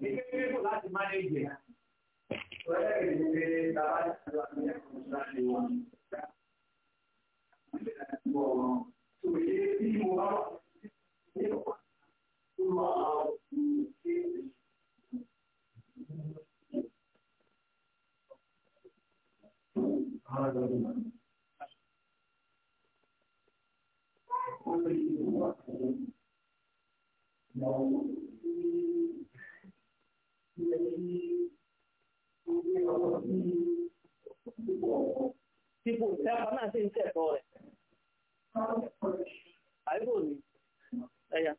kékeré kò láti mánéjì ẹ̀. Ìwọ́lẹ̀ rẹ̀ ni pé bàbá Thank you. Ipò ìtẹ́kọ̀ọ́ náà sì ń tẹ̀kọ́ rẹ̀. Àìbò ni. Ẹ̀yà.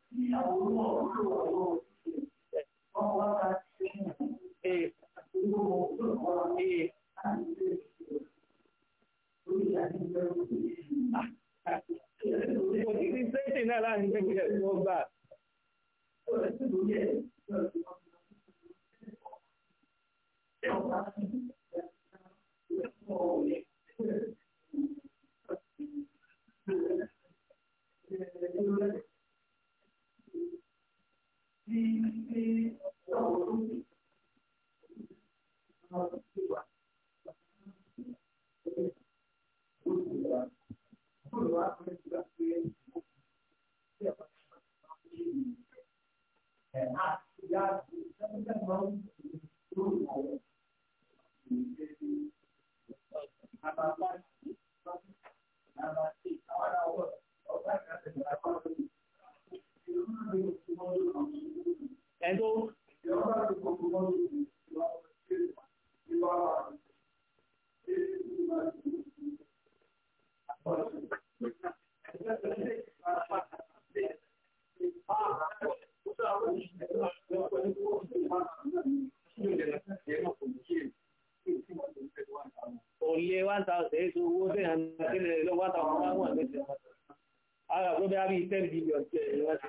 Ee. Ee. Kò sí ti sẹ́yìn náà láti gbẹ̀gbẹ̀ ẹ̀sùn ọgbà. The, the one thousand eight owó tẹ̀ hàn kílẹ̀ lọ one thousand one one mẹ́sẹ̀ ara tó bẹ́ẹ̀ bí ten billion jẹ́ ìrẹsì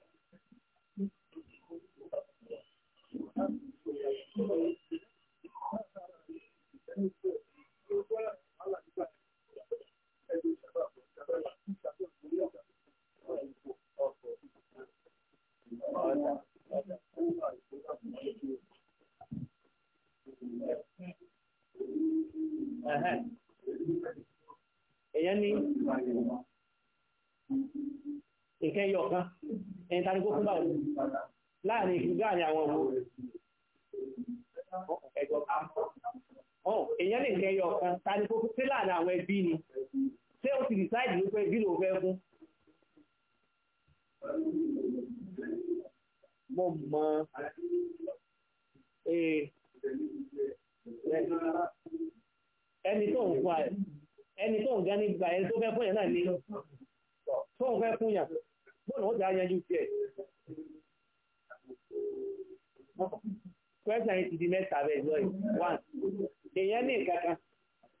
question yìí ti di mẹ́ta bẹ́ẹ̀ lọ yìí one èèyàn ní nǹkan kan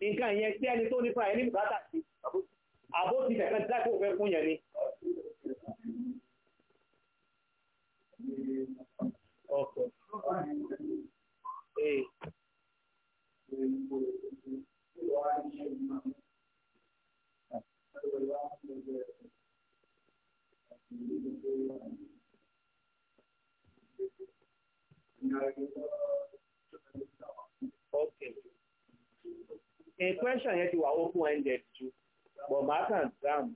nǹkan yẹn tí ẹni tó nípa ẹni bùkátà sí àbó ti kẹ̀kẹ́ dákò fẹ́ fún yẹn ni question yẹn ti wà open ended ju but màá kàn dáhùn.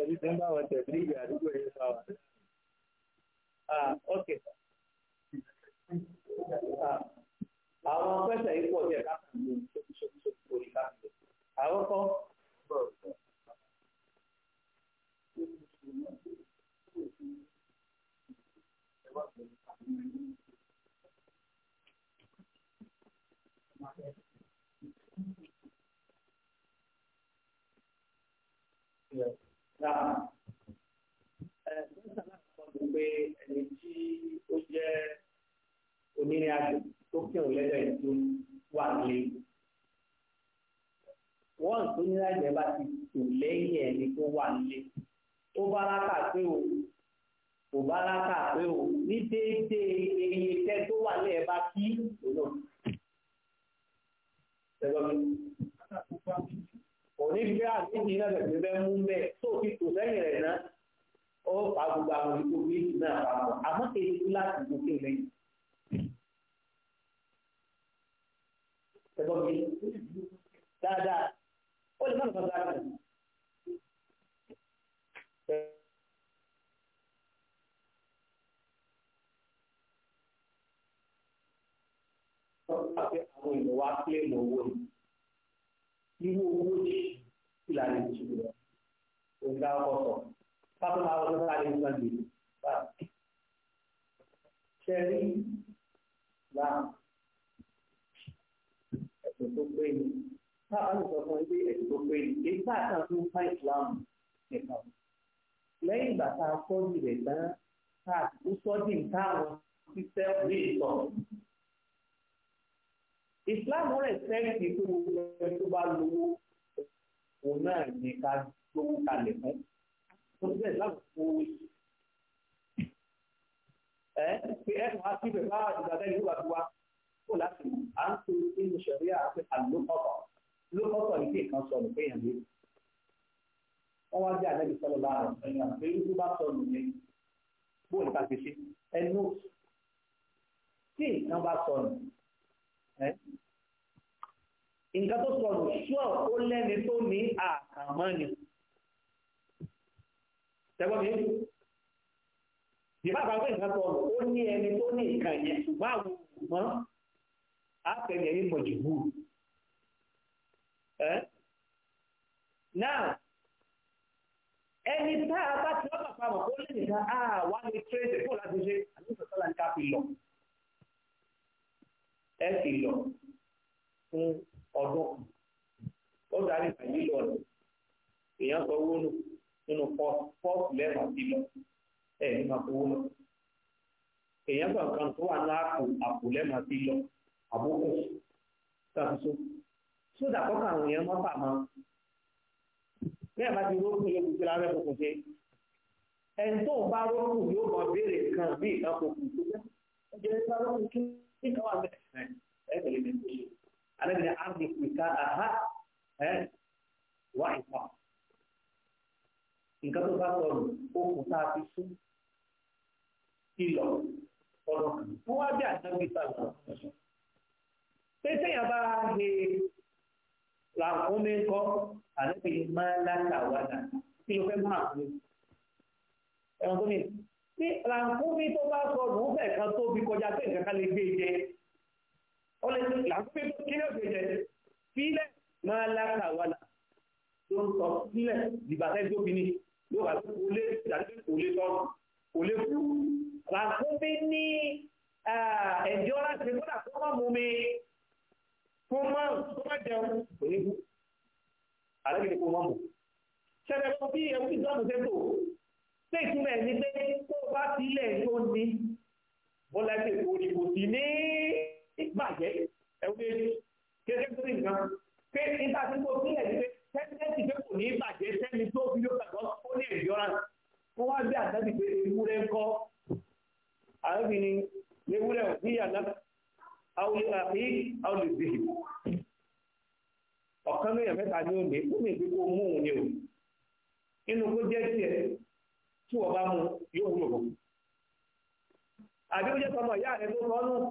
Ẹbí tí ń bá wọn tẹ̀sí ìgbà àdúgbò yìí Ok. Ah, àwọn pẹ́sẹ̀ yìí pọ̀ jẹ́ káàkiri ní ṣókíṣókí orí Àwọn kan. gbà pé àwọn èèyàn wá kílèmù owó ni irú owó ní ìlànà ìṣúná òǹkà ọkọ̀ fábùlà ọdún sáré ń sàn dìbò bá ṣẹ́rí là ẹ̀sùn tó pé ni báwa lè sọ fún ẹgbẹ́ tó pé ni èyí bá àtàn fún fún ìsìlámù nìkan lẹ́yìn ìgbà tá a kọ́ ìrẹ̀ tán tá a kú sọ́dí nǹkan àwọn sísẹ́ òní ìtọ̀. Islam rẹ̀ sẹ́ẹ̀kì tó gbogbo ẹni tó bá lówó òun náà ní ká gbówó kalẹ̀ fún. Mo ti bẹ̀rẹ̀ láti fún owó yìí. Ẹ pé ẹ máa fi bẹ̀rẹ̀ bá ìgbàgbẹ́ ìlú wa ti wá. Kó láti à ń pe inú ṣẹ̀rí àti àlùkọ́kọ̀. Lókọ́kọ̀ ní kí nǹkan sọnù péyàn lé. Wọ́n wá dé àlẹ́ ìsọ̀rọ̀ láàrọ̀ ẹ̀yàn pé irú bá sọnù ní bóòlù ká ti Tí nǹkan bá sọnù. nǹkan tó sọ̀rọ̀ ṣúọ̀ ó lẹ́ni tó ní àkàmọ́ni tẹ́gbọ́n mi ìbá àbáwọ̀ nǹkan sọ̀rọ̀ ó ní ẹni tó ní nǹkan ṣùgbọ́n àwọn òmọ́ àtẹ̀lẹ̀ ẹni mọ̀ ẹ sì lọ fún ọdún kan ó darí àyè lọ rẹ èèyàn sọ owó nù nínú pọ́ọ̀sì lẹ́ẹ̀kan sí lọ ẹ ní máa fowó lọ èèyàn gbà kan tó wà ní àpò àpò lẹ́ẹ̀kan sí lọ àbókù ṣàtúnṣe sódà kọ́kọ́ àwọn èèyàn má bà máa bẹ́ẹ̀ bá ti rókùn yóò fi lábẹ́ kòkò ṣe ẹni tó bá rókùn yóò mọ béèrè kan bí ìtàn kòkò tó jẹ́ ẹjẹ́ bá rókùn kí nǹkan wà bẹ́ẹ̀ àhá ẹ́ wá ìfà nǹkan tó bá sọ̀rọ̀ okùn tá a fi sún ìlọ̀ ọ̀rọ̀ kan wọ́n wá bí àtàgbé sàlọ̀ pé téèyàn bá he làwọn omi ń kọ́ àlẹ́bí máa látàwádà kí ló fẹ́ mú àkúrẹ́ ẹ̀wọ̀n tó ní tí làǹkúmí tó bá sọ ọdún fẹ̀ kan tóbi kọjá pé nǹkan kan lè gbé jẹ ọ lè làǹkúmí kí lè gbé jẹ sílẹ̀ máa láta wàlà tó ń sọ sílẹ̀ dìbàtẹ́ tó fi ní yóò wà kó lé ìdádé kó lé tọ́ kó lé kú. Ràkúnmí ní ẹ̀jọ́ láti kódà kó má mú mi kó má kó má jẹun kò ní kú. Àlẹ́ mi kò má mú. Ṣẹlẹ̀ kó bí ẹ̀kú ìsìlámù ṣe tò. Ṣé ìtumọ̀ ẹ̀ ní pé kó bá sílẹ̀ tó ní? Bọ́lá ṣe kò ní ní bàjẹ́ ẹ̀wọ́n méjì. kéde tó ní nǹkan pé nígbà tí kò sílẹ̀ ní pé tẹ́tẹ́tì pé kò ní bàjẹ́ sẹ́ni tó fi yóò gbàgbọ́ ó ní endurance wọ́n wá bí àtẹ́bí pé ewúrẹ́ ń kọ́ àrẹ́bí ni ewúrẹ́ ò ní àná àwọn àwọn ọ̀kan ní òde ó mú òun o inú kó jẹ́ tiẹ̀ tí wọ́n bá yóò wúlò bọ̀ àbí ó jẹ́ sọmọ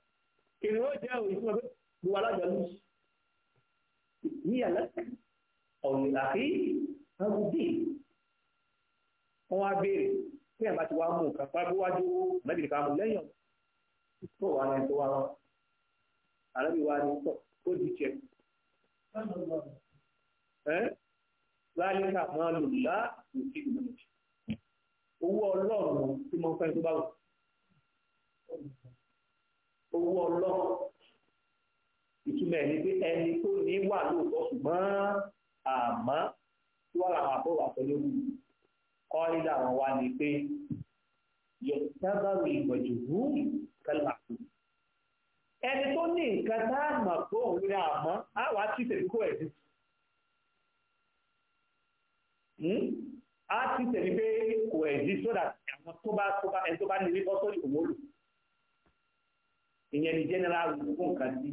èrè ó jẹ́ òyìn fún ọdún gbogbo alájọlú ní ẹ̀lẹ́sìn ọ̀rọ̀ ìlàfí ọgbùdí wọn wá béèrè pé àbá ti wá mú nǹkan pàápàá wájú mẹ́bìrì ká mú lẹ́yìn ọ̀hún tó wà lẹ́yìn tó wá wọn àlọ́bí wa ní sọ ó di jẹ. láàyè ká máa lò lá òkè ìgbìmọ̀ owó ọlọ́run tí mo fẹ́ tó bá wù owó ọlọ́run ìtumọ̀ ẹni pé ẹni tó ní wà lóòótọ́ ṣùgbọ́n àmọ́ tí wọ́n làwọn àbọ̀ wà pẹ̀lú ewu kọ́ nílẹ̀ àwọn wa ni pé yẹ̀tẹ́bàrù ìgbọ̀jù hù kẹlà kù ẹni tó ní nǹkan tá a mọ̀ pé òun rí àmọ́ á wàá tí tèmi kó ẹ̀dí á tí tèmi pé kò ẹ̀dí sódà àwọn tó bá ẹni tó bá nílé bọ́sọ́lì òwò ìyẹn ni general gbogbo nǹkan sí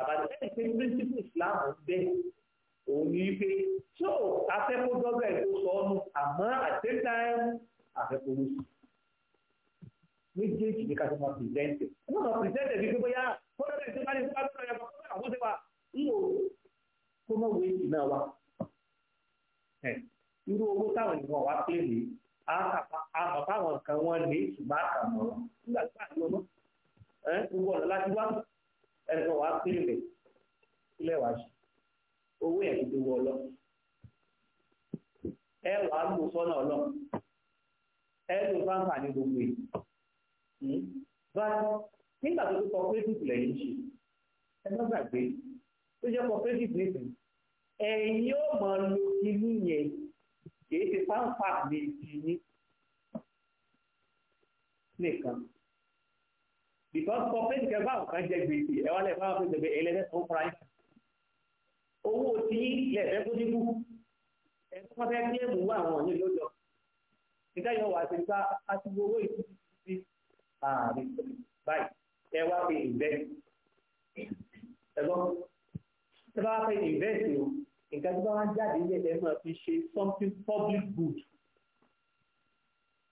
àbájáde ẹni pé principle Islam bẹ́ẹ̀ òun ni wípé so afẹ́kọ́dọ́gbẹ̀ tó sọ ọ́ nù àmọ́ at the same time afẹ́kọ́dọ́ sí méjèèjì ní káṣí máa pìrìsẹ́ǹtì wọ́n máa pìrìsẹ́ǹtì bí pé bóyá fọ́nrẹ́dẹ̀ tó bá ní sábà tó yẹ kó àwọn ṣe wa ń wò ó kó mọ̀ wé ìná wa irú owó táwọn ènìyàn wá pé nìyí àbàbà àwọn kan wọ́n ní ṣùgbọ́n àkàmọ́ nígbà tó bá ní ọmọ gbogbo ọ̀nà láti wá ẹnìkan wàá pínlẹ̀ sílẹ̀ wàá ṣe owó yẹn ti wọ ọlọ ẹ wàá lò sọ́nà ọlọ ẹ lò fáńfà ní gbogbo yìí hmm? báyìí nígbà tó tó cooperative lẹ́yìn ṣe ẹ má gbàgbé tó jẹ́ cooperative nìkan ẹ̀yin yóò mọ lo kinní yẹn kì í ṣe fáńfà mi ti ní nìkan because complain kẹfà nǹkan jẹ gbèsè ẹ wá lẹ́fà fún ìgbẹ̀gbẹ̀ ẹlẹ́dẹ́sán fúnra yín owó tí lẹ́fẹ̀ẹ́ kó dínkù ẹ tó fẹ́ kí èmù wá àwọn ọ̀nà lójọ nígbà yóò wá sí nípa àtúgbò owó ìtúsí sí ààrin báyìí ẹ wá fi invest ẹgbọ́n ẹ bá wá fi invest o nǹkan tí bá wá jáde ilé ẹ máa fi ṣe something public good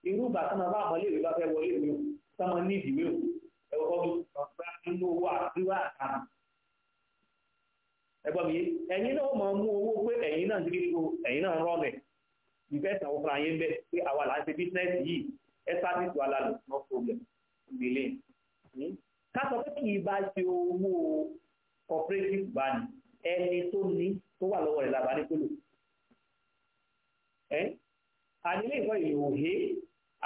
irú bàtà máa bá àmọ́lé ìwé bá fẹ́ wọlé ìwé o sáwọn ní ìdìwé o ẹ̀kọ́ mi ọ̀gbá nínú owó àdúrà àkàrà ẹ̀kọ́ mi ẹ̀yin náà máa mú owó pé ẹ̀yin náà ti kíkó ẹ̀yin náà rọ́ mẹ́ ìfẹ́ ìsanwó fún ayé ń bẹ̀ pé àwa là ń ṣe bísínẹ́sì yìí ẹ sábìsì wa lálẹ́ no problem ìgbélé ká sọ pé kì í bá ṣe owó cooperative bank ẹni tó ní tó wà lọ́wọ́ rẹ̀ làbá ní kólò ẹ́ àdílé ìkọ́ ìlú òhe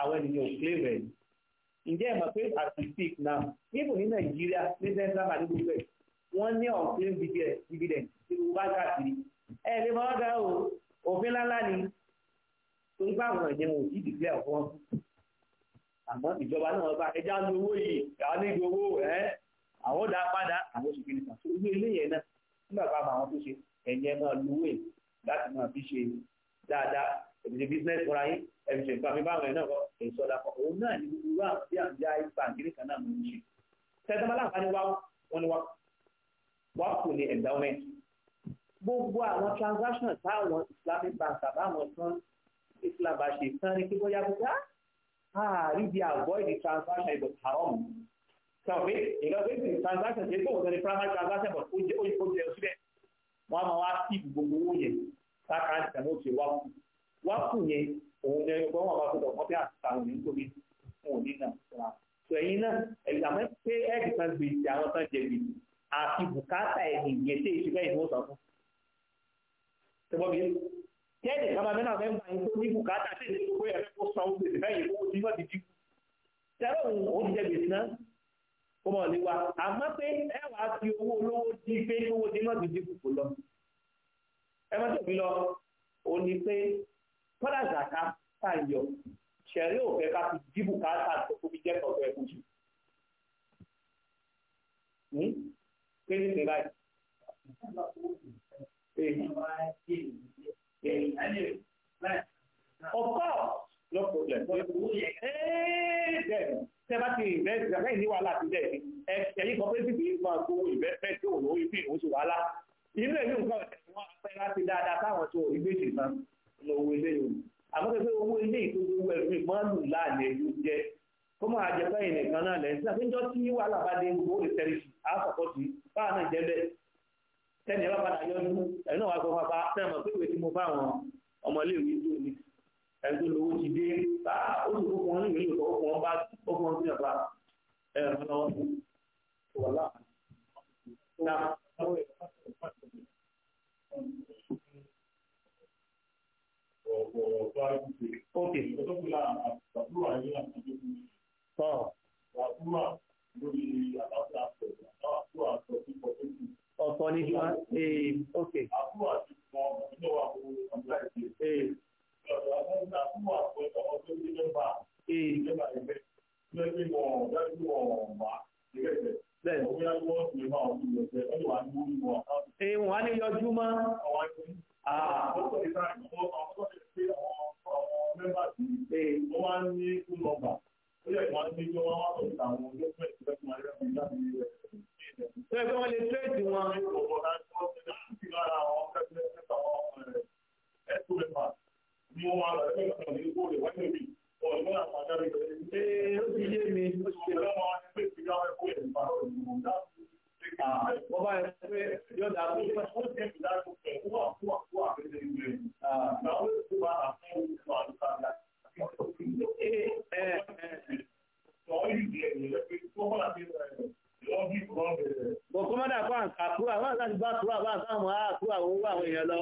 àwọn ènìyàn ò claim rẹ̀ ǹjẹ́ ẹ mọ̀ pé as we speak now níbo ní nàìjíríà ní central bank gbogbo ẹ̀ wọ́n ní ọ̀sìn dividend tí gbogbo bá káàkiri ẹ lè máa dá o òfin ńláńlá ni torí bá àwọn ìyẹn wọn ò tíì dìgbẹ́ ọ̀fọ́ àmọ́ ìjọba náà bá ẹja ní owó yìí àwọn ní owó ẹ àwọn dá padà àwọn oṣù kìnnìkan tó gbé eléyẹn náà nígbà bá àwọn tó ṣe ẹ̀yẹ máa lówó ẹ̀ láti máa fi ṣe dáadáa ẹbí ṣe business fúnra yín ẹbí ṣe nǹkan mi báwọn ẹ̀ náà kọ èyí sọ́dà kọ òun náà ní irú àwọn bí àbí àìsàǹkiri kan náà mú un ṣe tẹ́tẹ́mọ́ láǹfààní wá wọn ni wá wá kù ní endowment gbogbo àwọn transactions táwọn islamic banks àbáwọn tán islam bá ṣe tán ní kí wọ́n yá gbogbo àárí ah, di avoid the transaction ìbò haram sọ pé ìlọ́gbé ti transaction ṣe tó wọ́n sọ ní primary transaction but ó jẹ́ ó jẹ́ ó síbẹ̀ wọ́n á máa wá sí gbogbo owó yẹn sáà kan ṣẹ̀mọ́ ṣe wá kù wá kù yẹn òun ni ọgbọ́n wọn bá tó lọ mọ́tẹ́ àtàwọn ní nítorí fún òní náà fúnra tó ẹ̀yin náà ẹ̀yìn àmọ́ pé ẹ̀ẹ́dì kan gbèsè àwọn tán jẹ gbèsè àti bùkátà ẹ̀yìn ìyẹn tí èsì bẹ́ẹ̀ ni wọ́n sọ fún. ṣùgbọ́n mi kẹ́ẹ̀dì kan bá mẹ́ta mẹ́ta yìí tó ní bùkátà tí èsì gbogbo ẹ̀rẹ́ kó san gbèsè bẹ́ẹ̀ kó ti wọ́n ti dínkù. tẹ́lẹ̀ òun ò ti jẹ gbèsè náà kó mọ̀ lé wa àmọ́ pé ẹ wàá fi owó olówó di pé owó ti náà lọ òní pé kọ́dà zàká tá ń yọ ṣẹ̀rí ò fẹ́ ká fi dìbò káàtà tó fi jẹ́ ọ̀tọ̀ ẹ̀kú jù kí ni ṣe báyìí. Eh. Of course, no problem. Ṣé eh, bá ti invest ṣàfẹ́ ìní wàhálà ti dẹ̀ ẹ̀yìn cooperative yìí máa gbowó investment tí òun ló fi ìwòsàn wàhálà. Inú ẹ̀yìn nǹkan ẹ̀sìn wọn fẹ́ láti dáadáa táwọn tó ìgbésẹ̀ náà lọ owó ilé yòó àmọ́ pé owó ilé ìtòkò owó ẹ̀rọ ìmọ̀ lù láàlẹ́ ló jẹ́ kó máa jẹ fẹ́yìn nìkan náà lẹ́yìn sísá péjọ tí wàhálà bá dé gbogbo ó lè tẹ̀lé sí àkọ́kọ́ sí báà náà jẹ́ bẹ́ẹ̀ tẹ́ni ẹ bá padà yọ ọdún ẹ̀ náà wà gbọ́ pápá tẹ́lẹ̀ mọ̀ pé ìwé tí mo bá àwọn ọmọléèwé tó ní ẹni tó lówó ti dé ah, bá ó wọn níwèé lòtọ́ ó fún wọn sí ok tọ́ ọ̀tọ̀ ni kí wọ́n ee eh, ok. ee. ee. ee wọ́n á ní yọjú mọ́ àkókò ah, ìta láti bá kúrò àbá àtàwọn àkúrò àwọn owó àwọn èèyàn lọ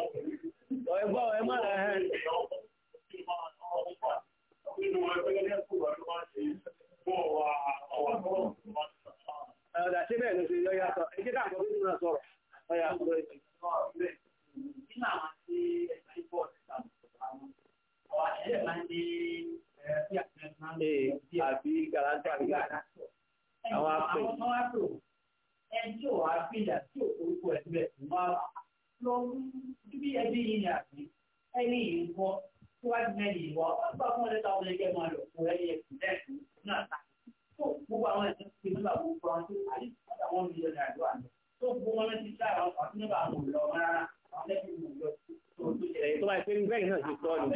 Abitọ́lù.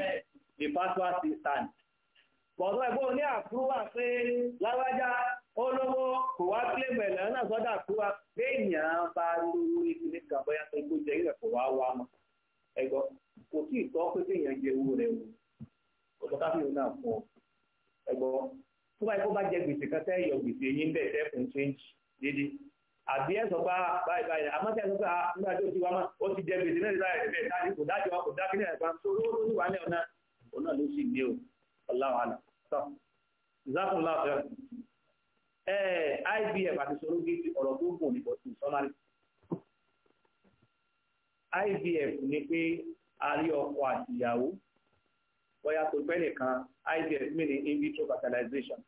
in vitro fertilization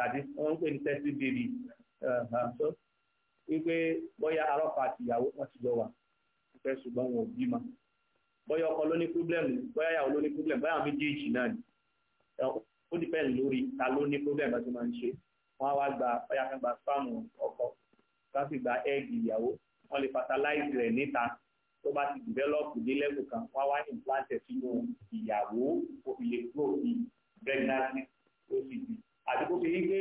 tàbí wọ́n ń pè ní tẹ́sí bèbí uh-huh. wípé bóyá arọ́pàá àti ìyàwó wọn ti jọ wà ìfẹ́ ṣùgbọ́n wọn ò bímọ bóyá ọkọ ló ní públẹ̀mù bóyá ìyàwó ló ní públẹ̀mù bóyá àwọn méjèèjì náà ni ó dìpẹ́ lórí ta ló ní públẹ̀mù tó máa ń ṣe wọ́n á wá gba bóyá kan gba spáàmù ọkọ ká sì gba ẹ́ẹ̀gì ìyàwó wọ́n lè fertilize rẹ̀ níta tó bá ti develop dé level kan wọ́n á wá implant sínú ìyàwó òfìlè kúrò pregnancy ó sì di àti kó fi yí pé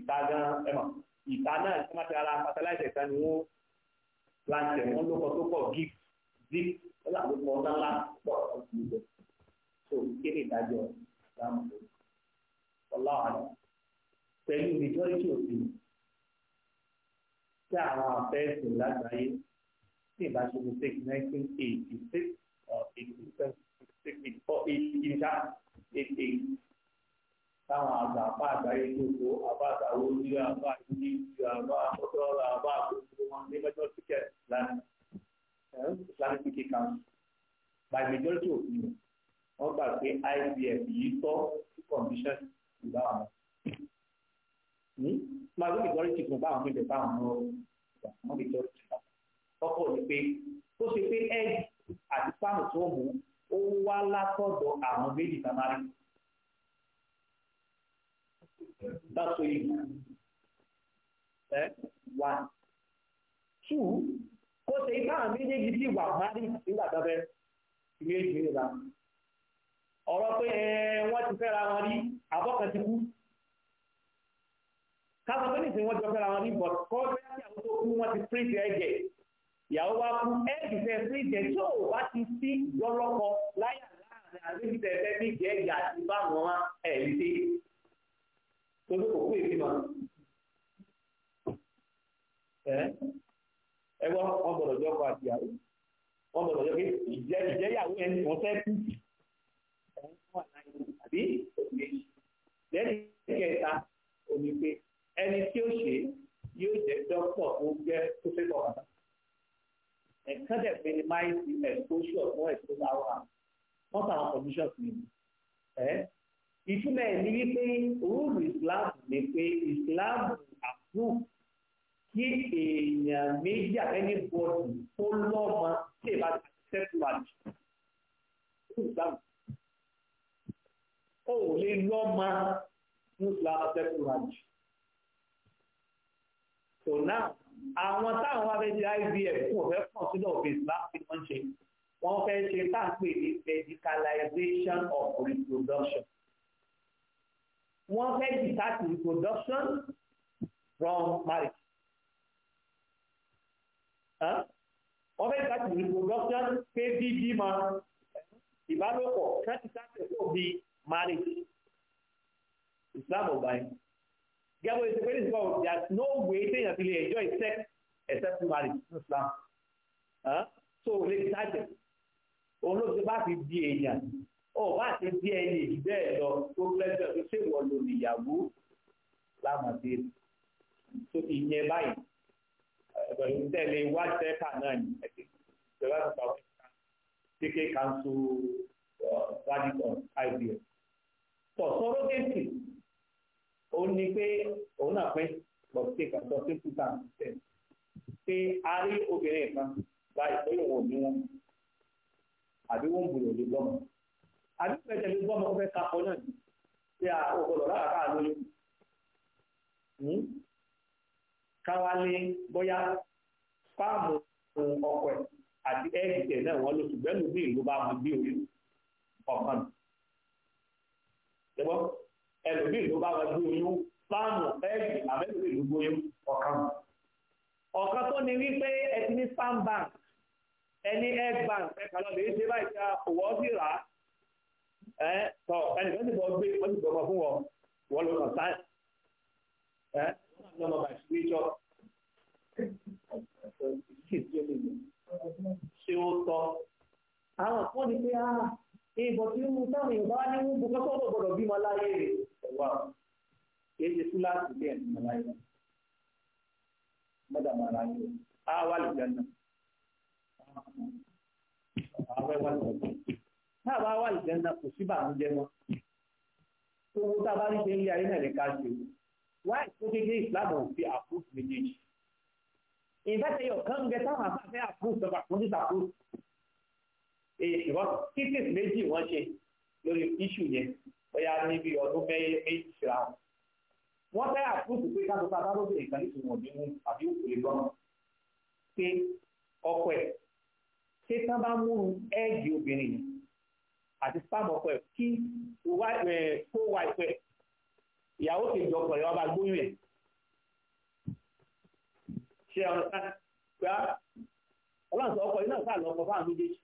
ìta gan ẹmọ ìta náà tí wọ́n ti ara fertilizer ìta ni wọ́n plant wọ́n lóko tó pọ̀ gift zip wọ́n làwọn ọmọ ọ̀dá ńlá pọ̀ ọ̀sùn ìjọ tó kéde ìdájọ́ ìdáhùn lórí ọláwà rẹ̀ pẹ̀lú majority òfin tí àwọn afẹ́sì lágbàáyé tí ìbá ṣe nineteen eighty six or eighty six eight four eight táwọn àgbà àbá àgbáyé gbogbo àbá àtàwọn onílé àbá àdúgbò ìjọ àbá àkọsọ́ọ̀rọ̀ àbá àgbègbè wọn ní mẹ́tọ́ tíkẹ̀ lánàá islamic thinking council by majority opinion wọ́n gbà pé IVF yìí tọ́ sí condition ìgbà wọn. Hmm? máa lóye majority fún báwọn fún ìjọba àwọn ọmọ ìgbà wọn majority fún ọkọ ni pé ó ṣe pé egg àti fáàmù tó mú ó wá látọ̀dọ̀ àwọn méjì tá a máa rí. That's what you Eh? One. Two, kó ṣe ipá méjèèjì bí wà márì nígbà tó fẹ́ méjì nígbà. Ọ̀rọ̀ pé eh, wọ́n ti fẹ́ra wọn rí, àbọ̀kan ti kú. Káàkó pé nìsín wọ́n ti fẹ́ra wọn rí, but kọ́ fẹ́ sí tó kú wọ́n ti print ẹ̀jẹ̀. Ìyàwó wa kú ẹ̀jì fẹ́ tí ò bá ti sí torí kò kú èmi mọ́ ẹ ẹ wọ́n wọ́n gbọ́dọ̀ jọ ọkọ àti ìyàwó wọ́n gbọ́dọ̀ jọ pé ìjẹ́ ìjẹ́yàwó yẹn wọ́n fẹ́ kú àbí lẹ́yìn kẹta òní pé ẹni tí ó ṣe yóò jẹ́ dókítà tó jẹ́ tó fẹ́ kọ̀ bàbá ẹ̀ka dẹ̀ minimize exposure fún exposure àwọn àwọn wọ́n sọ àwọn conditions nìyí ìtumọ̀ ẹ̀ ní wípé rúùlù ìsìláàmù ni pé Islam, àpò kí èèyàn méjì àtẹ́ni bọ́ọ̀dù tó lọ́mọ tí èèyàn bá ti sẹ́kù àjù fún ìsìláàmù. ó ò lè lọ́mọ fún ìsìláàmù sẹ́kù àjù. so now àwọn táwọn wá fẹ́ ṣe IVF fún ọ̀fẹ́ pọ̀ sínú ọ̀fẹ́ ìsìláàmù tí wọ́n ṣe wọ́n fẹ́ ṣe táàpì ní medicalization of reproduction wọ́n fẹ́ detach reproduction from marriage. wọ́n fẹ́ detach reproduction pé bíbí máa ìbálòpọ̀ kan ti sáfẹ́ fún bí marriage Islam ọba yìí. Gẹ́gẹ́ bí ìṣẹ́fẹ́ ìṣẹ́fẹ́ ọ̀hún, there is no way téèyàn ti lè enjoy sex except marriage in Islam. So, lè detach òun ló ti bá fi di èèyàn ó bá ti bí ẹni ìdí bẹ́ẹ̀ lọ tó lẹ́sẹ̀ tó ṣe wọ́n lò níyàwó láwọn ti tó ìyẹn báyìí pẹ̀lú tẹ̀lé wáṣẹ́kà náà ní ẹ̀sìn ìjọba ìpàwọ́ kékeré kanṣu radical IVF. Sọ̀sọ́rọ́ kéèsì ó ní pé òun náà pẹ́ pọ̀ sí ìkàtọ́ sí two thousand ten pé a rí obìnrin kan báyìí pé òun ò ní wọn àbí wọn bùrọ̀ lè lọ́mọ àbí pẹ̀tẹ̀ mi gbọ́ ọmọ fẹ́ kakọ náà ni pé a ọ̀gọ̀dọ̀ lára hmm? káà lóyún káwálé bóyá fáàmù ọkọ ẹ̀ àti ẹ́ẹ̀gì tẹ̀ náà wọ́n lò ṣùgbọ́n ló bí ìlú bá mu bí orí ọ̀kan nù. ṣùgbọ́n ẹlòmí ìlú bá wọn gbé oyún fáàmù ẹ́ẹ̀gì àbẹ́lòmí ìlú gbóyún ọ̀kan nù. ọ̀kan tó ní wípé ẹ ti ní spam bank ẹni egg bank ẹ̀ka lọ́dọ̀ èyí ṣe báyìí ṣe òwò sí rà á ẹ tọ ẹnìkan ti bọ gbé wọn ti bọ ọmọ fún wọn wọn lọ kàn sáà ẹ wọn náà lọ bá ìṣúwéjọ ṣé ó tọ àwọn kan ní pé ah ìbọn tí mo táwọn èèyàn bá ní wọn bu kọ́kọ́ bọ̀ gbọdọ̀ bímọ láyé rẹ̀ ẹ̀wà kìí ṣe fúláàsì bẹ́ẹ̀ ní ọláyé mọ́dàmọ́ra yìí á wà lùjẹ́ náà náà tá a bá wà ìjẹ́nà kò sí bàmújẹ́ mọ́ owó tá a bá rí ṣe ń lé ayé náà lè ká ṣe wáyé tó dédé ìsìlámù fi àkóso méjèèjì ìfẹsẹ̀ yóò kán bẹ táwọn afẹ́fẹ́ àkóso tọ́ka fún títà kúrò ìwọ́n títí méjì wọ́n ṣe lórí iṣu yẹn bóyá níbi ọdún méjì ṣra wọ́n fẹ́ àkóso pé ká tuntun abábọ́sẹ̀ nìkan nítorí wọn nínú àbí òkèlè gbọ́n pé ọkọ̀ ẹ̀ ṣé tán bá mú ẹ̀ẹ́dì obìnrin yìí àti spam ọkọ ẹ̀ kí kó wá ìpẹ́ ìyàwó kejì ọkọ rẹ̀ wá bá gbóyún ẹ̀ ṣe ọ̀rọ̀ ká gbá ọlọ́run sọ ọkọ yìí náà sáà lọ́kọ fáwọn méjèèjì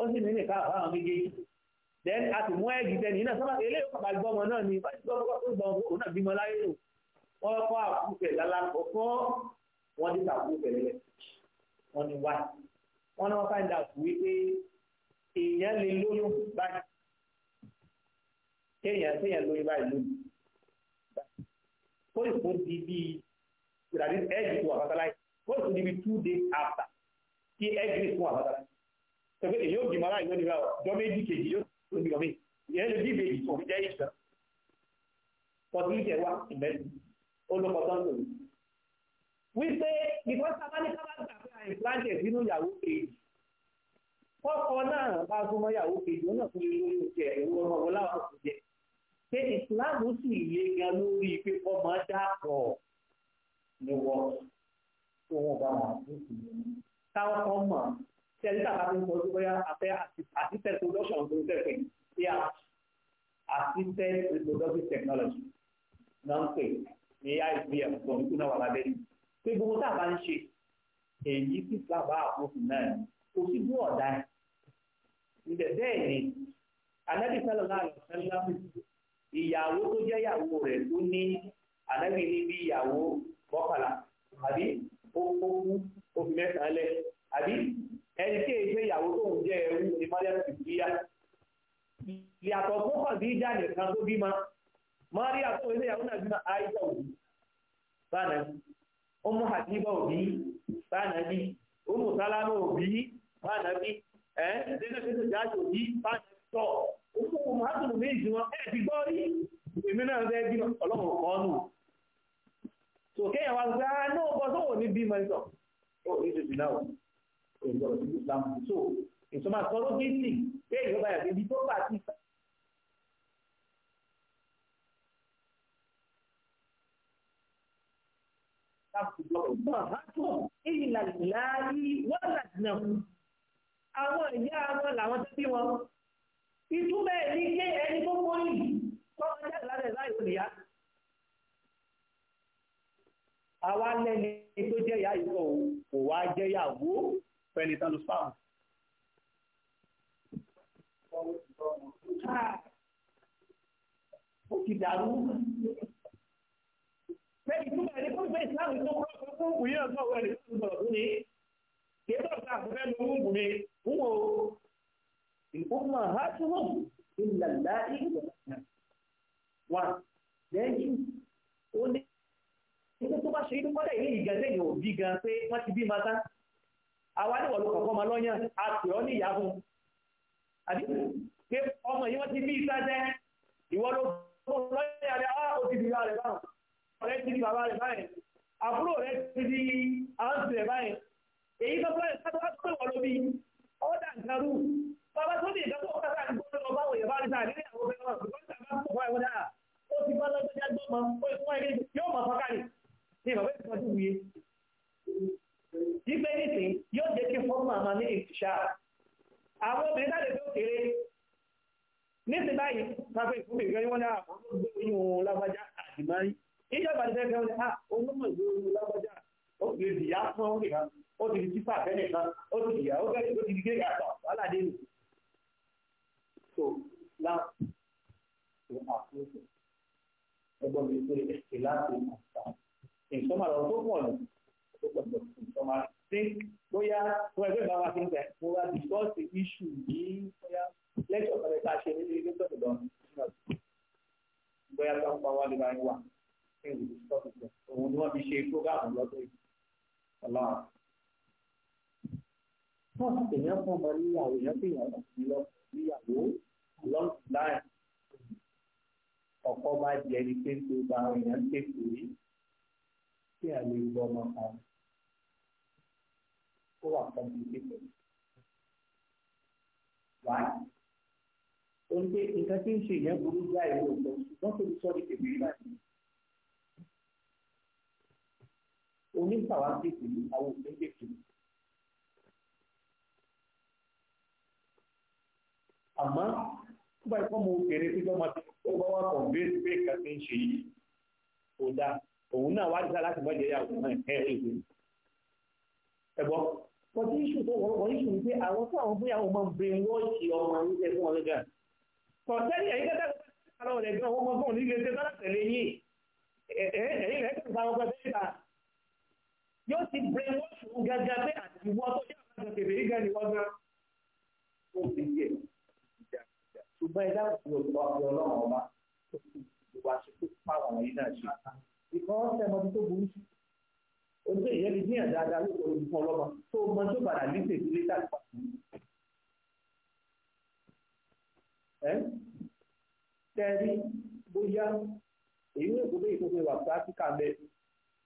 ó sì ní nìkan fáwọn méjèèjì then a sì mú ẹ̀gì tẹ́ni náà sábà eléyìí kọ̀ bá gbọ́mọ náà ni bá gbọ́mọ tó gbọ́mọ òun náà bímọ láyé lò wọ́n kọ́ àkúfẹ̀ lálàkọ̀ọ́kọ́ wọ́n dé sàkúfẹ̀ lẹ̀ wọ́n ni wáyé wọ́n náà find out wípé èèyàn lè lóyún báyìí kéèyàn kéèyàn lóyún báyìí lóyún kó ìfò di bíi ìdàdí ẹ́ẹ̀dì fún àbátaláì kó ìfò di bíi two days after kí ẹ́ẹ̀dì fún àbátaláì tẹ̀wé èyí ò bímọ aláìlú nígbà ọjọ́ méjì kejì yóò tó bímọ mi ìyẹn lè bí ìbejì tó fi jẹ́ ìṣẹ́ pọtulítẹ̀ wá ìmẹ́lì olùkọ́tọ́ ń lò wípé ìfọ́sábánikọ́ bá gbà pé àìsíláńtẹ̀ sínú ìyàwó kejì kọ́kọ́ náà bá súnmọ́ ìyàwó kejì ó náà fún mi lórí oṣù ẹ̀ ìwọ ọmọ ọláwọ̀ kò jẹ pé ìsìláàmù sì le gan lórí pé kọ́ máa dàpọ̀ ní wọ́n tó wọ́n bá wọn àtúntò táwọn kan mọ̀ tí ẹni tàbá ti ń sọ pé afẹ́ assisted production tó ń tẹ̀sẹ̀ sí assisted reproductive technology náà ń pè ní IVF tó ń kúnná wà lábẹ́ pé gbogbo tá a bá ń ṣe èyí tí sábà àkóso náà kò sí bí ọ̀dà ẹ̀ níbẹ̀ bẹ́ẹ̀ ni anábì sallallahu alaihi wasallam ìyàwó tó jẹ́ ìyàwó rẹ̀ tó ní anábì ní bí ìyàwó mọ́kànlá àbí ó kú ó fi mẹ́ta lẹ̀ àbí ẹni tí èyí jẹ́ ìyàwó tó ń jẹ́ ẹrú ní Mariam ti fi yá ìyàtọ̀ tó kàn sí ìjà nìkan tó bímọ Mariam tó ilé ìyàwó náà bímọ àìsàn òbí sáànà ọmọ àdìbà òbí sáànà bí ọmọ sálámà òbí sáànà ẹ́ ẹ̀dẹ́gbẹ́ fẹ́tò jáde òbí bá ti sọ òkúkú màátùmù méjì wọn ẹ̀ ti gbọ́ rí èmi náà fẹ́ bímọ ọlọ́run kọ́ nù tó kéèyàn wá gbé ah náà bọ́ sọ́wọ́ ní bímọ ní sọ ó ní tòṣì náà kò ní ọ̀rọ̀ sí Islam so ìsọmọ àtọ́rọ́ gẹ́sì pé ìjọba yàtọ̀ ibi tó bá ti sá láti gbọ́ ìgbọ́n àtọ̀ ìlànà ìlànà wọ́n láti náà àwọn ìyá wọn làwọn tó bí wọn ìtumọ̀ ẹ̀ ní ké ẹni tó kó yìí tọ́ka jáde láti ẹ̀ láì òdìyá àwa lẹ́ni tó jẹ́ ìyá ìkọ̀ kò wá jẹ́ ìyàwó pẹ̀lú ìtàn lùsùpàù ó ti dàrú pé ìtumọ̀ ẹ̀ ní kó gbé ìsìláàmù tó kọ́ fún òye ọ̀gbọ́n rẹ̀ tó sọ̀rọ̀ ní kéèkọ́ ọ̀gá àfẹ́fẹ́ ló ń bù mí ń wò ó ìkúmọ̀ ha tún wọ́n ìlàlá ìgbà wà lẹ́yìn ó ní ilé tó bá ṣe inú mọ́lẹ̀ ilé ìgbà lẹ́yìn òbí gan ọmọ yìí wọ́n ti bí ìsájẹ́ ìwọ ló fún lọ́yà rẹ̀ ó ti di ìyá rẹ̀ báwọn ọ̀rẹ́ ti di bàbá rẹ̀ báyìí àbúrò rẹ̀ ti di àǹtí rẹ̀ báyìí èyí tó fẹ́ sátọ́sátọ́ wọ̀ lóbi ó dà nǹkan rú bàbá tó ní ìdánwò ọ̀gá sáà nígbó lọ́wọ́ báwo yẹ̀ bá rí sáà nílé àwọn obìnrin wọn ṣùgbọ́n sáà bá fọ́ ẹ̀wọ́n dáa ó ti ni ní bàbá ìfọ́ ti wuye. jígbé nìsín yóò jẹ́ kí fọ́ màmá ní ìṣá àwọn obìnrin láti tó kéré nísìn báyìí sáfẹ́ ìfúnmi ìgbẹ́ wọn dáa àwọn olóògbé oyún lágbájá àdìmárí ìjọba ti fẹ́ fẹ́ wọn dáa onímọ̀ ó ti di ìyá fún òun nìkan ó ti di títà fẹ́lẹ̀ kan ó ti di ìyá ó fẹ́ ó ti di gẹ́gẹ́ àtọ̀ wàhálà dé so láti ṣe àkóso ẹgbọ́n mi pé ẹ̀sìn láti àṣà ìṣọ́mà lọ tó pọ̀ nù tó pọ̀ nù ìṣọ́mà sí bóyá fún ẹgbẹ́ ìbámu àti ìgbà mo wá dìkọ́ọ̀sì iṣu yìí bóyá lẹ́tọ̀ ọ̀rẹ́ tá a ṣe nílé ilé tọ̀dọ̀ lọ bóyá tó pa wá lè bá yín wà ní ìdíkọ́ọ̀sì òun ni wọ́n fi ṣe prógáàmù lọ́dún yìí. Allah, fún èèyàn fún ọmọ níyàwó èèyàn fi hàn sí lọ níyàwó long line ọkọ bá di ẹni pé tó bá kan ó wà kọ́mpútẹ́tẹ̀ wá ó ń pé nǹkan onígbàwá tètè ní àwọn òfin tètè ní. àmọ́ tó bá ikọ́ mo bèrè pé bá máa tó bá wà kàn bẹ́ẹ̀ bẹ́ẹ̀ kan ti ń ṣe yìí kò dáa òun náà wá dá láti mọ́jẹ́ ìyàwó náà ẹ̀ ẹ̀ ẹ̀ ẹ̀ gbọ́ kò tí ìṣù tó wọ́pọ̀ ìṣù ní pé àwọn tó àwọn fúnyàwó máa ń bẹ wọ́n ṣe ọmọ oúnjẹ fún wọn gẹ́gẹ́ kò tẹ́lẹ̀ ẹ̀yìn kẹ́kẹ́ kọ́ra ọ̀rẹ́ gan wọ́n mọ́ fún òní ilé iṣẹ́ yóò ti bẹ̀rẹ̀ wọ́n fún gẹ́gẹ́ pé àtiwọ́ ah, tó yà wọ́n jọ kèbèrè gẹ́ ni wọ́n gan. ó ti yẹ ṣùgbọ́n ẹ dáhùn sí ọ̀pọ̀ ọlọ́run ọba tó ti wá sí pé páwọn yìí náà ṣe. ìkan ọ̀sẹ̀ mọ́tò tó burú sí. ó ní ìyẹn ti díyàn dáadáa lóko olùkọ́ ọlọ́mọ tó mọ tó padà lítè sí létà nípa. ẹ tẹ́rí bóyá èyí ò gbé ìkókò ìwà pàtíkà bẹ́ẹ̀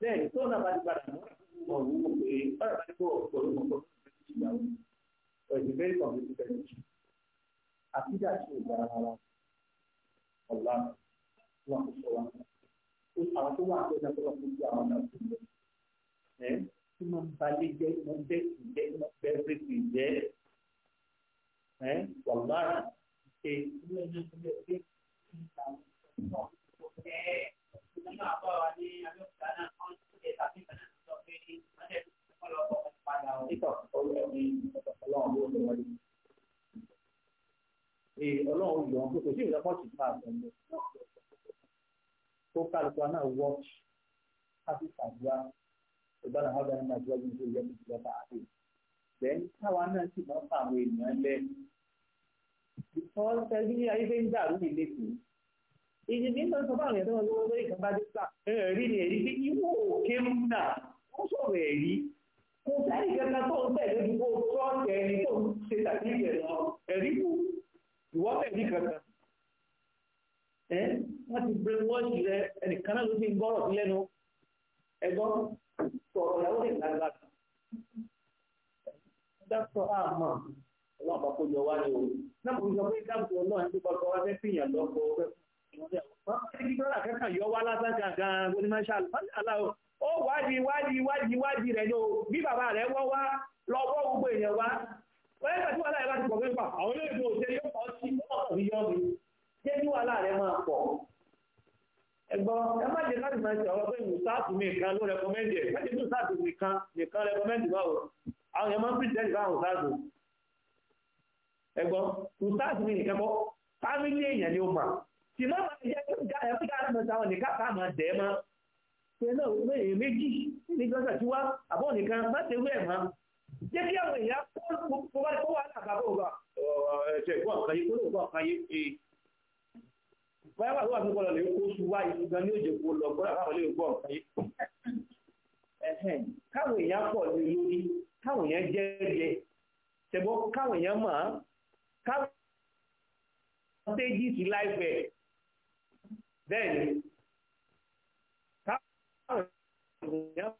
bẹ́ẹ̀ tó náà bá ti padà mọ́ ọ̀rùn wò pé ọ̀rọ̀ bá ti kó ọ̀pọ̀lọpọ̀ ọ̀pọ̀lọpọ̀ ìyàwó ọ̀rọ̀ ìbéèrè kan lójú bẹ́ẹ̀ lójú àtijọ́ àti ìgbà ara ọ̀la wọn kò sọ wa àwọn tó wà àpẹẹrẹ tó wọn kò ju àwọn náà tó lọ ẹ tí wọn bá lé jẹ wọn bẹ ìjẹ wọn bẹ bẹ ti jẹ ẹ wàlá ṣe ilé ẹni tó lè gbé ìta ọ̀hún ẹ nínú àbọ̀ wa ní abẹ́òkúta náà títọ̀ ọlọ́run ló ń wọlé ee ọlọ́run yọ ọ́n kò sí ìrẹ́pọ̀ sí fún àgbọ̀n mi tó kálukú wa náà wọ́ọ̀ṣì káfí ṣàdúrà ìgbàlá àwọn ọ̀gá nígbà tí wọ́n gbé yẹ kí ìjọba àti bẹ́ẹ̀ káwa náà sì máa ń fa àwọn ènìyàn lẹ́ ìfọwọ́sẹ́ bí ayé fẹ́ ń dàrú nílé kù ìdí ní ìtàn sọ fáwọn èèyàn tó wọn lówó lórí ìkànnì bá gbà ẹ̀rí ni ẹ̀rí bí ìwọ òkè ń nà wọ́n sọ̀rọ̀ ẹ̀rí kò sẹ́yìn kẹta tó ń tẹ̀lé dúpọ̀ tọ́ọ̀tì ẹni tó ń ṣe tàbílẹ̀ lọ ẹ̀rí kù ìwọ́ tẹ̀lé kankan ẹ wọ́n ti bẹ wọ́n jù rẹ ẹnìkan náà ló ti ń gbọ́rọ̀ sí lẹ́nu ẹgbọ́n sọ̀rọ̀ ìyàwó lè lágbára dákọ̀ àmọ́ ọlọ́run bá kó yọ wá ní o náà mo sọ pé dákọ̀ náà ń dúpọ̀ wá fẹ́ fìyàn lọ́kọ̀ọ́ fẹ́ fún ìyàwó ó wádìí wádìí wádìí wádìí rẹ̀ o bí bàbá wá lọ́wọ́ gbogbo èèyàn wá wọ́n yẹ́ pẹ̀lú wàhálà rẹ̀ láti pọ̀ pípa àwọn ilé òṣèré yóò kọ́ sí ọ̀sán yọ́ mi jẹ́ kí wàhálà máa pọ̀ ẹgbọ́n ẹ má jẹ́ láti máa ṣe ọ̀rọ̀ pé ló rẹkọmẹ́ndì ẹ̀ kan rẹkọmẹ́ndì báwo àwọn máa ń ẹgbọ́n nìkan fámílì èèyàn ni ó mà máa jẹ́ pẹ̀lú òwe méjì ní gbọ́dọ̀ tí wá àbọ̀ nìkan má ti wé ẹ̀ mọ́. jẹ́ kí àwọn èèyàn kó kó wá kó wá àgbàbọ̀ ọ̀gá ẹ̀jẹ̀ ìgbọ́ ọ̀kan yìí kó lóògbọ́ ọ̀kan yìí. báyà wà lóògbà nípa lọ́lẹ̀ kó su wá ìlú gan ní òjò kó lọ gbọ́dọ̀ káwọn lè gbọ́ ọ̀kan yìí. káwọn èèyàn pọ̀ ní lórí káwọn èèyàn jẹ́ jẹ tẹ̀gbọ́ káwọn èèyàn mọ̀ káwọn Oh, yep.